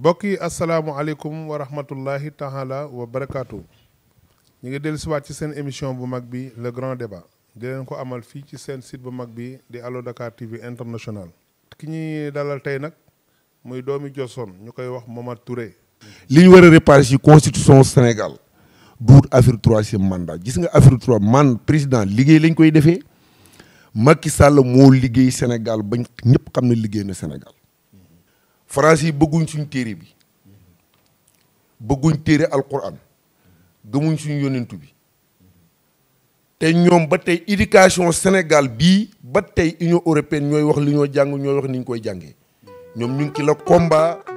mbokk yi asalaamualeykum wa rahmatullahi taala wa barakaatu. ñu ngi dellu siwaat ci seen émission bu mag bi le grand débat di leen ko amal fii ci seen site bu mag bi di Allo Dakar TV international ki ñuy dalal tey nag muy doomi Joson ñu koy wax Momar Touré. li ñu war a réparer ci constitution Sénégal duut affaire troisième mandat gis nga affaire trois man président liggéey lañ koy defee Macky Sall moo liggéey Sénégal bañ ñëpp xam ne liggéey na Sénégal. français yi bëgguñ suñ téere bi bëgguñ téere alquran gëmuñ suñu yonentu bi te ñoom ba tey éducation Sénégal bii ba tey union européenne ñooy wax li ñoo jàng ñooy wax ni ñu koy jàngee ñoom ñu ngi ci